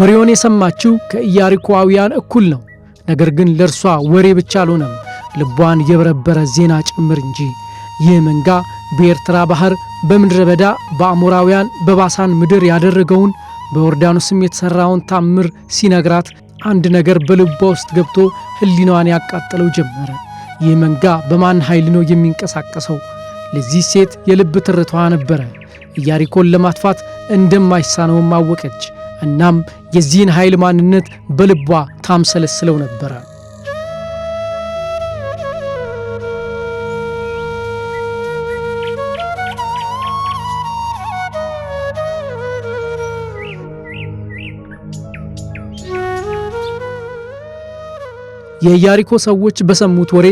ወሬውን የሰማችው ከኢያሪኮዋውያን እኩል ነው። ነገር ግን ለእርሷ ወሬ ብቻ አልሆነም፣ ልቧን የበረበረ ዜና ጭምር እንጂ። ይህ መንጋ በኤርትራ ባህር፣ በምድረ በዳ፣ በአሞራውያን፣ በባሳን ምድር ያደረገውን በዮርዳኖስም የተሠራውን ታምር ሲነግራት አንድ ነገር በልቧ ውስጥ ገብቶ ሕሊናዋን ያቃጠለው ጀመረ። ይህ መንጋ በማን ኃይል ነው የሚንቀሳቀሰው? ለዚህ ሴት የልብ ትርታዋ ነበረ። ኢያሪኮን ለማጥፋት እንደማይሳነውም አወቀች። እናም የዚህን ኃይል ማንነት በልቧ ታምሰለስለው ነበረ። የኢያሪኮ ሰዎች በሰሙት ወሬ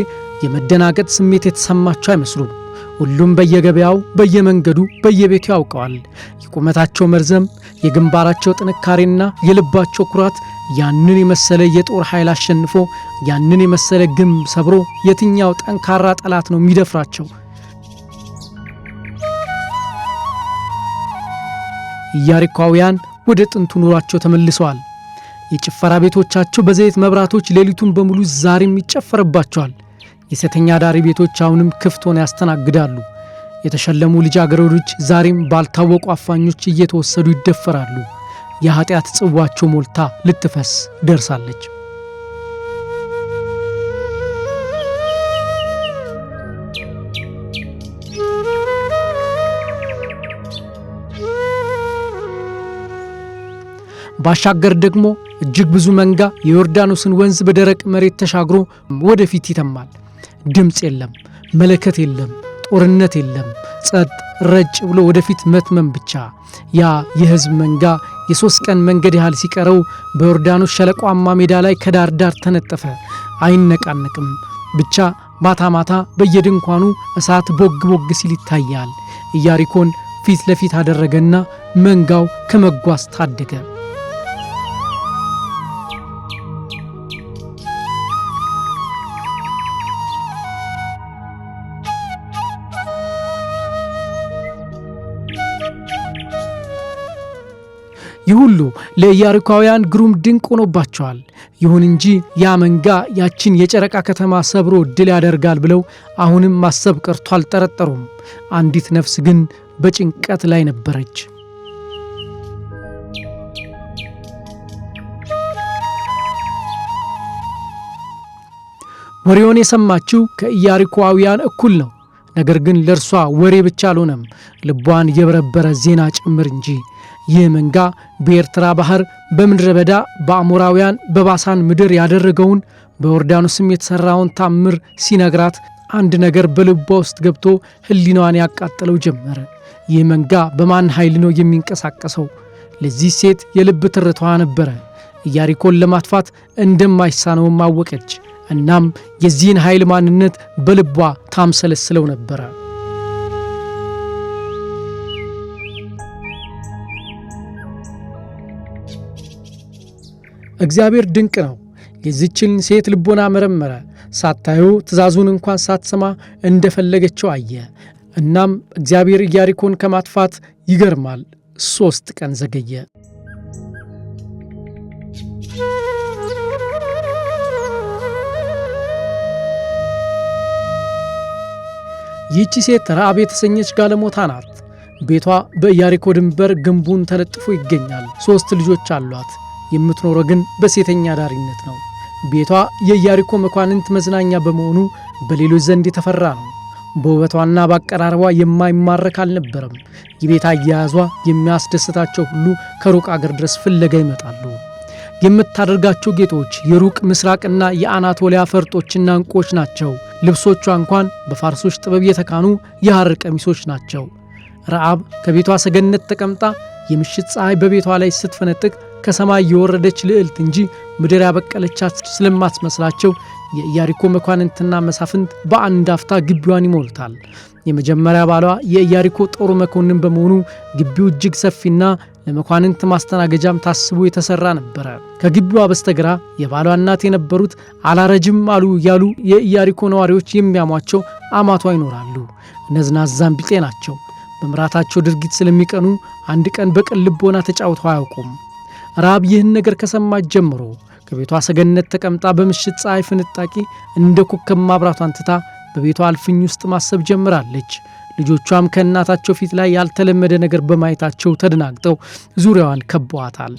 የመደናገጥ ስሜት የተሰማቸው አይመስሉም። ሁሉም በየገበያው በየመንገዱ በየቤቱ ያውቀዋል። የቁመታቸው መርዘም፣ የግንባራቸው ጥንካሬና የልባቸው ኩራት ያንን የመሰለ የጦር ኃይል አሸንፎ ያንን የመሰለ ግንብ ሰብሮ የትኛው ጠንካራ ጠላት ነው የሚደፍራቸው? ኢያሪኮውያን ወደ ጥንቱ ኑሯቸው ተመልሰዋል። የጭፈራ ቤቶቻቸው በዘይት መብራቶች ሌሊቱን በሙሉ ዛሬም ይጨፈርባቸዋል። የሴተኛ አዳሪ ቤቶች አሁንም ክፍት ሆነ ያስተናግዳሉ። የተሸለሙ ልጃገረዶች ዛሬም ባልታወቁ አፋኞች እየተወሰዱ ይደፈራሉ። የኃጢአት ጽዋቸው ሞልታ ልትፈስ ደርሳለች። ባሻገር ደግሞ እጅግ ብዙ መንጋ የዮርዳኖስን ወንዝ በደረቅ መሬት ተሻግሮ ወደፊት ይተማል። ድምፅ የለም፣ መለከት የለም፣ ጦርነት የለም። ጸጥ ረጭ ብሎ ወደፊት መትመም ብቻ። ያ የህዝብ መንጋ የሦስት ቀን መንገድ ያህል ሲቀረው በዮርዳኖስ ሸለቋማ ሜዳ ላይ ከዳር ዳር ተነጠፈ። አይነቃነቅም ብቻ ማታ ማታ በየድንኳኑ እሳት ቦግ ቦግ ሲል ይታያል። ኢያሪኮን ፊት ለፊት አደረገና መንጋው ከመጓዝ ታደገ። ይህ ሁሉ ለኢያሪኳውያን ግሩም ድንቅ ሆኖባቸዋል። ይሁን እንጂ ያ መንጋ ያችን የጨረቃ ከተማ ሰብሮ ድል ያደርጋል ብለው አሁንም ማሰብ ቀርቶ አልጠረጠሩም። አንዲት ነፍስ ግን በጭንቀት ላይ ነበረች። ወሬውን የሰማችው ከኢያሪኮውያን እኩል ነው። ነገር ግን ለእርሷ ወሬ ብቻ አልሆነም፣ ልቧን የበረበረ ዜና ጭምር እንጂ ይህ መንጋ በኤርትራ ባህር በምድረ በዳ በአሞራውያን በባሳን ምድር ያደረገውን በዮርዳኖስም የተሠራውን ታምር ሲነግራት አንድ ነገር በልቧ ውስጥ ገብቶ ህሊናዋን ያቃጠለው ጀመረ። ይህ መንጋ በማን ኃይል ነው የሚንቀሳቀሰው? ለዚህ ሴት የልብ ትርቷ ነበረ። ኢያሪኮን ለማጥፋት እንደማይሳነውም አወቀች። እናም የዚህን ኃይል ማንነት በልቧ ታምሰለስለው ነበረ። እግዚአብሔር ድንቅ ነው። የዚችን ሴት ልቦና መረመረ። ሳታዩ ትእዛዙን እንኳን ሳትሰማ እንደፈለገችው አየ። እናም እግዚአብሔር ኢያሪኮን ከማጥፋት ይገርማል፣ ሦስት ቀን ዘገየ። ይህቺ ሴት ረአብ የተሰኘች ጋለሞታ ናት። ቤቷ በኢያሪኮ ድንበር ግንቡን ተለጥፎ ይገኛል። ሦስት ልጆች አሏት። የምትኖረው ግን በሴተኛ አዳሪነት ነው። ቤቷ የኢያሪኮ መኳንንት መዝናኛ በመሆኑ በሌሎች ዘንድ የተፈራ ነው። በውበቷና በአቀራረቧ የማይማረክ አልነበረም። የቤት አያያዟ የሚያስደስታቸው ሁሉ ከሩቅ አገር ድረስ ፍለጋ ይመጣሉ። የምታደርጋቸው ጌጦች የሩቅ ምስራቅና የአናቶሊያ ፈርጦችና እንቁዎች ናቸው። ልብሶቿ እንኳን በፋርሶች ጥበብ የተካኑ የሐር ቀሚሶች ናቸው። ረዓብ ከቤቷ ሰገነት ተቀምጣ የምሽት ፀሐይ በቤቷ ላይ ስትፈነጥቅ ከሰማይ የወረደች ልዕልት እንጂ ምድር ያበቀለቻት ስለማትመስላቸው የኢያሪኮ መኳንንትና መሳፍንት በአንድ አፍታ ግቢዋን ይሞልታል። የመጀመሪያ ባሏ የኢያሪኮ ጦሩ መኮንን በመሆኑ ግቢው እጅግ ሰፊና ለመኳንንት ማስተናገጃም ታስቦ የተሰራ ነበረ። ከግቢዋ በስተግራ የባሏ እናት የነበሩት አላረጅም አሉ እያሉ የኢያሪኮ ነዋሪዎች የሚያሟቸው አማቷ ይኖራሉ። እነዝናዛም ቢጤ ናቸው። በምራታቸው ድርጊት ስለሚቀኑ አንድ ቀን በቅን ልቦና ተጫውተው አያውቁም። ራብ ይህን ነገር ከሰማች ጀምሮ ከቤቷ ሰገነት ተቀምጣ በምሽት ፀሐይ ፍንጣቂ እንደ ኮከብ ማብራቷን ትታ በቤቷ አልፍኝ ውስጥ ማሰብ ጀምራለች። ልጆቿም ከእናታቸው ፊት ላይ ያልተለመደ ነገር በማየታቸው ተደናግጠው ዙሪያዋን ከበዋታል።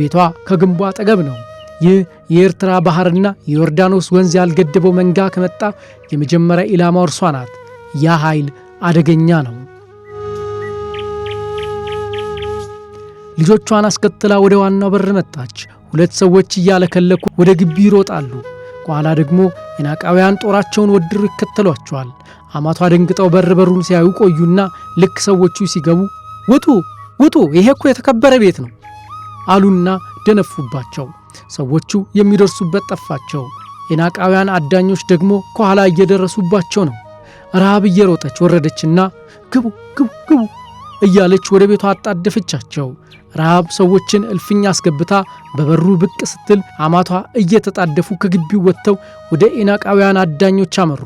ቤቷ ከግንቡ አጠገብ ነው። ይህ የኤርትራ ባህርና የዮርዳኖስ ወንዝ ያልገደበው መንጋ ከመጣ የመጀመሪያ ኢላማው እርሷ ናት። ያ ኃይል አደገኛ ነው። ልጆቿን አስከትላ ወደ ዋናው በር መጣች። ሁለት ሰዎች እያለከለኩ ወደ ግቢ ይሮጣሉ። ከኋላ ደግሞ የናቃውያን ጦራቸውን ወድረው ይከተሏቸዋል። አማቷ ደንግጠው በር በሩን ሲያዩ ቆዩና ልክ ሰዎቹ ሲገቡ ውጡ ውጡ፣ ይሄ እኮ የተከበረ ቤት ነው አሉና ደነፉባቸው። ሰዎቹ የሚደርሱበት ጠፋቸው። የናቃውያን አዳኞች ደግሞ ከኋላ እየደረሱባቸው ነው። ረሃብ እየሮጠች ወረደችና ግቡ ግቡ ግቡ እያለች ወደ ቤቷ አጣደፈቻቸው። ረሃብ ሰዎችን እልፍኝ አስገብታ በበሩ ብቅ ስትል አማቷ እየተጣደፉ ከግቢው ወጥተው ወደ ኢናቃውያን አዳኞች አመሩ።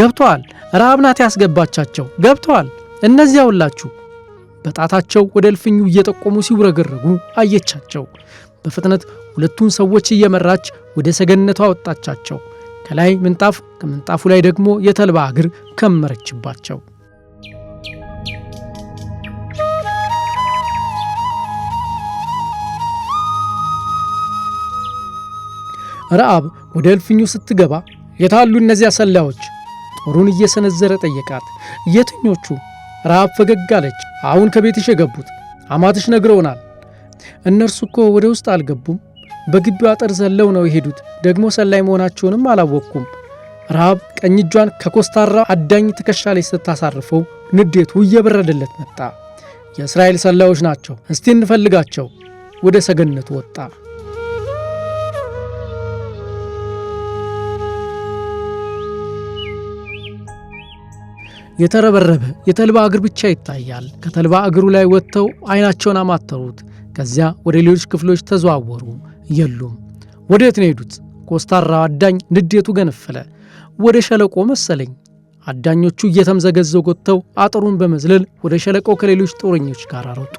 ገብተዋል፣ ረሃብ ናት ያስገባቻቸው፣ ገብተዋል እነዚያ ሁላችሁ። በጣታቸው ወደ እልፍኙ እየጠቆሙ ሲውረገረጉ አየቻቸው። በፍጥነት ሁለቱን ሰዎች እየመራች ወደ ሰገነቷ አወጣቻቸው። ከላይ ምንጣፍ ከምንጣፉ ላይ ደግሞ የተልባ እግር ከመረችባቸው። ረአብ ወደ እልፍኙ ስትገባ የታሉ እነዚያ ሰላዮች? ጦሩን እየሰነዘረ ጠየቃት። የትኞቹ? ረአብ ፈገግ አለች። አሁን ከቤትሽ የገቡት አማትሽ ነግረውናል። እነርሱ እኮ ወደ ውስጥ አልገቡም። በግቢው አጥር ዘለው ነው የሄዱት። ደግሞ ሰላይ መሆናቸውንም አላወቅኩም። ረሃብ ቀኝ እጇን ከኮስታራ አዳኝ ትከሻ ላይ ስታሳርፈው ንዴቱ እየበረደለት መጣ። የእስራኤል ሰላዮች ናቸው፣ እስቲ እንፈልጋቸው። ወደ ሰገነቱ ወጣ። የተረበረበ የተልባ እግር ብቻ ይታያል። ከተልባ እግሩ ላይ ወጥተው አይናቸውን አማተሩት። ከዚያ ወደ ሌሎች ክፍሎች ተዘዋወሩ፣ የሉም። የት ነው ሄዱት? ኮስታራው አዳኝ ንዴቱ ገነፈለ። ወደ ሸለቆ መሰለኝ። አዳኞቹ እየተምዘገዘው ጎጥተው አጥሩን በመዝለል ወደ ሸለቆ ከሌሎች ጦረኞች ጋር አሮጡ።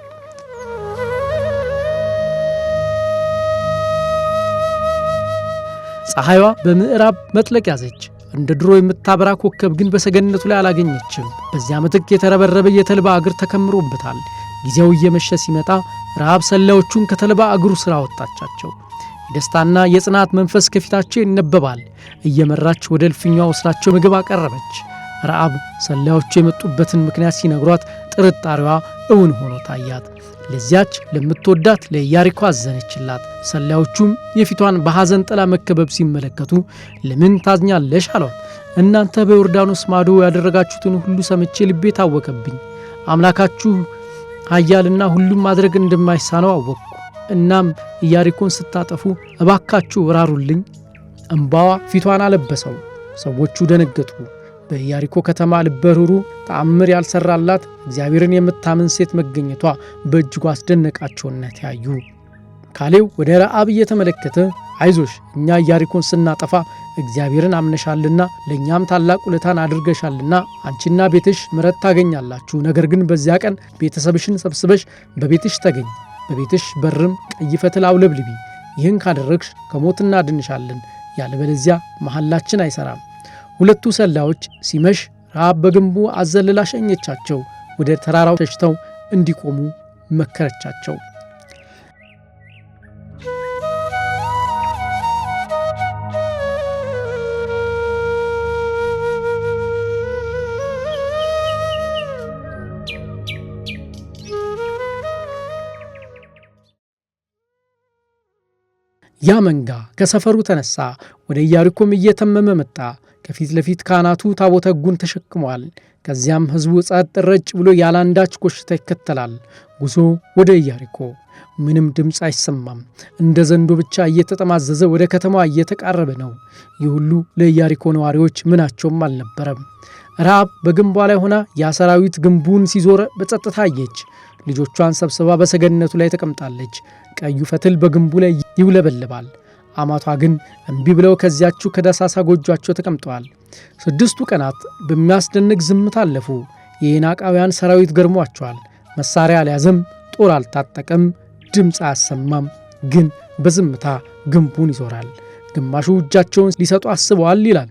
ፀሐይዋ በምዕራብ መጥለቅ ያዘች። እንደ ድሮ የምታበራ ኮከብ ግን በሰገነቱ ላይ አላገኘችም። በዚያ ምትክ የተረበረበ የተልባ እግር ተከምሮበታል። ጊዜው እየመሸ ሲመጣ ረሃብ ሰላዮቹን ከተልባ እግሩ ሥራ አወጣቻቸው። የደስታና የጽናት መንፈስ ከፊታቸው ይነበባል። እየመራች ወደ እልፍኛ ወስዳቸው ምግብ አቀረበች። ረአብ ሰላዮቹ የመጡበትን ምክንያት ሲነግሯት ጥርጣሬዋ እውን ሆኖ ታያት። ለዚያች ለምትወዳት ለኢያሪኮ አዘነችላት። ሰላዮቹም የፊቷን በሐዘን ጥላ መከበብ ሲመለከቱ ለምን ታዝኛለሽ አሏት። እናንተ በዮርዳኖስ ማዶ ያደረጋችሁትን ሁሉ ሰምቼ ልቤ ታወቀብኝ አምላካችሁ ኃያልና ሁሉም ማድረግ እንደማይሳነው አወቅኩ። እናም ኢያሪኮን ስታጠፉ እባካችሁ ራሩልኝ። እምባዋ ፊቷን አለበሰው። ሰዎቹ ደነገጡ። በኢያሪኮ ከተማ ልበሩሩ ተአምር ያልሰራላት እግዚአብሔርን የምታምን ሴት መገኘቷ በእጅጉ አስደነቃቸውነት ያዩ ካሌው ወደ ረአብ እየተመለከተ አይዞሽ፣ እኛ ኢያሪኮን ስናጠፋ እግዚአብሔርን አምነሻልና ለእኛም ታላቅ ውለታን አድርገሻልና አንቺና ቤትሽ ምረት ታገኛላችሁ። ነገር ግን በዚያ ቀን ቤተሰብሽን ሰብስበሽ በቤትሽ ተገኝ፣ በቤትሽ በርም ቀይ ፈትል አውለብልቢ። ይህን ካደረግሽ ከሞት እናድንሻለን፣ ያለበለዚያ መሐላችን አይሰራም። ሁለቱ ሰላዮች ሲመሽ ረሃብ በግንቡ አዘልላ ሸኘቻቸው። ወደ ተራራው ሸሽተው እንዲቆሙ መከረቻቸው። ያ መንጋ ከሰፈሩ ተነሳ፣ ወደ ኢያሪኮም እየተመመ መጣ። ከፊት ለፊት ካህናቱ ታቦተ ሕጉን ተሸክመዋል። ከዚያም ሕዝቡ ጸጥ ረጭ ብሎ ያላንዳች ጎሽታ ኮሽታ ይከተላል። ጉዞ ወደ ኢያሪኮ። ምንም ድምፅ አይሰማም። እንደ ዘንዶ ብቻ እየተጠማዘዘ ወደ ከተማዋ እየተቃረበ ነው። ይህ ሁሉ ለኢያሪኮ ነዋሪዎች ምናቸውም አልነበረም። ረሃብ በግንቧ ላይ ሆና የአሰራዊት ግንቡን ሲዞረ በጸጥታ አየች። ልጆቿን ሰብስባ በሰገነቱ ላይ ተቀምጣለች። ቀዩ ፈትል በግንቡ ላይ ይውለበልባል። አማቷ ግን እምቢ ብለው ከዚያችው ከደሳሳ ጎጇቸው ተቀምጠዋል። ስድስቱ ቀናት በሚያስደንቅ ዝምታ አለፉ። የኢናቃውያን ሰራዊት ገርሟቸዋል። መሳሪያ አልያዘም፣ ጦር አልታጠቀም፣ ድምፅ አያሰማም። ግን በዝምታ ግንቡን ይዞራል። ግማሹ እጃቸውን ሊሰጡ አስበዋል ይላል፣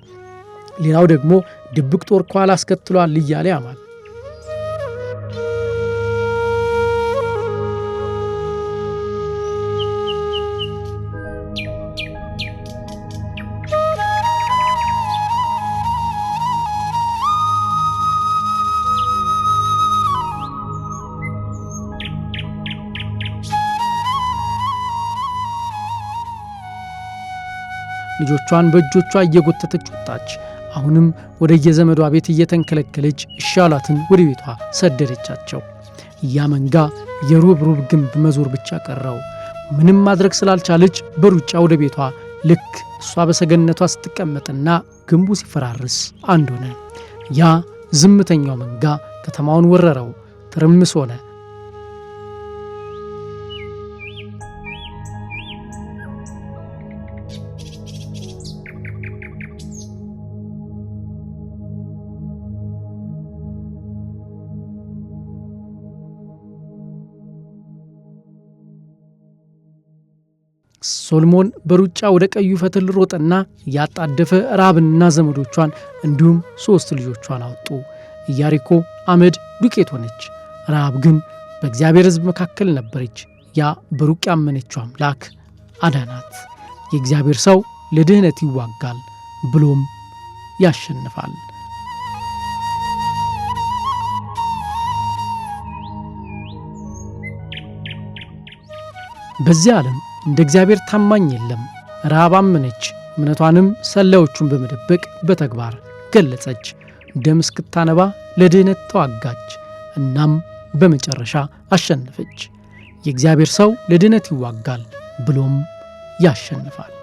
ሌላው ደግሞ ድብቅ ጦር ከኋላ አስከትሏል እያለ ያማል። ልጆቿን በእጆቿ እየጎተተች ወጣች። አሁንም ወደ የዘመዷ ቤት እየተንከለከለች እሻላትን ወደ ቤቷ ሰደደቻቸው። ያ መንጋ የሩብሩብ ግንብ መዞር ብቻ ቀረው። ምንም ማድረግ ስላልቻለች በሩጫ ወደ ቤቷ ልክ እሷ በሰገነቷ ስትቀመጥና ግንቡ ሲፈራርስ አንድ ሆነ። ያ ዝምተኛው መንጋ ከተማውን ወረረው፣ ትርምስ ሆነ። ሶልሞን በሩጫ ወደ ቀዩ ፈትል ሮጠና እያጣደፈ ራብንና ዘመዶቿን እንዲሁም ሦስት ልጆቿን አወጡ። ኢያሪኮ አመድ ዱቄት ሆነች። ረሃብ ግን በእግዚአብሔር ሕዝብ መካከል ነበረች። ያ በሩቅ ያመነችው አምላክ አዳናት። የእግዚአብሔር ሰው ለድኅነት ይዋጋል ብሎም ያሸንፋል። በዚህ ዓለም እንደ እግዚአብሔር ታማኝ የለም። ረሃብ አመነች፣ እምነቷንም ሰላዮቹን በመደበቅ በተግባር ገለጸች። ደም እስክታነባ ለድህነት ተዋጋች፣ እናም በመጨረሻ አሸነፈች። የእግዚአብሔር ሰው ለድህነት ይዋጋል ብሎም ያሸንፋል።